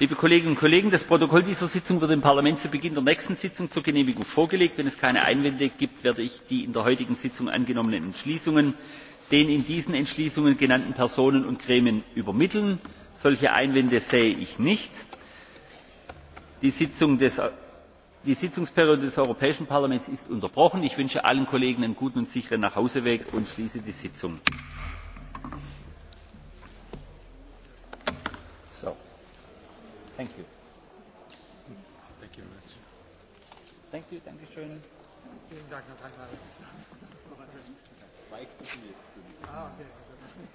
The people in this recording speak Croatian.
liebe kolleginnen und kollegen das protokoll dieser sitzung wird dem parlament zu beginn der nächsten sitzung zur genehmigung vorgelegt. wenn es keine einwände gibt werde ich die in der heutigen sitzung angenommenen entschließungen den in diesen entschließungen genannten personen und gremien übermitteln. solche einwände sehe ich nicht. die sitzungsperiode des europäischen parlaments ist unterbrochen. ich wünsche allen kollegen einen guten und sicheren nachhauseweg und schließe die sitzung. Thank you. Thank you much. Thank you, danke schön. Vielen Dank noch einmal. Zwei Minuten jetzt. Ah, okay.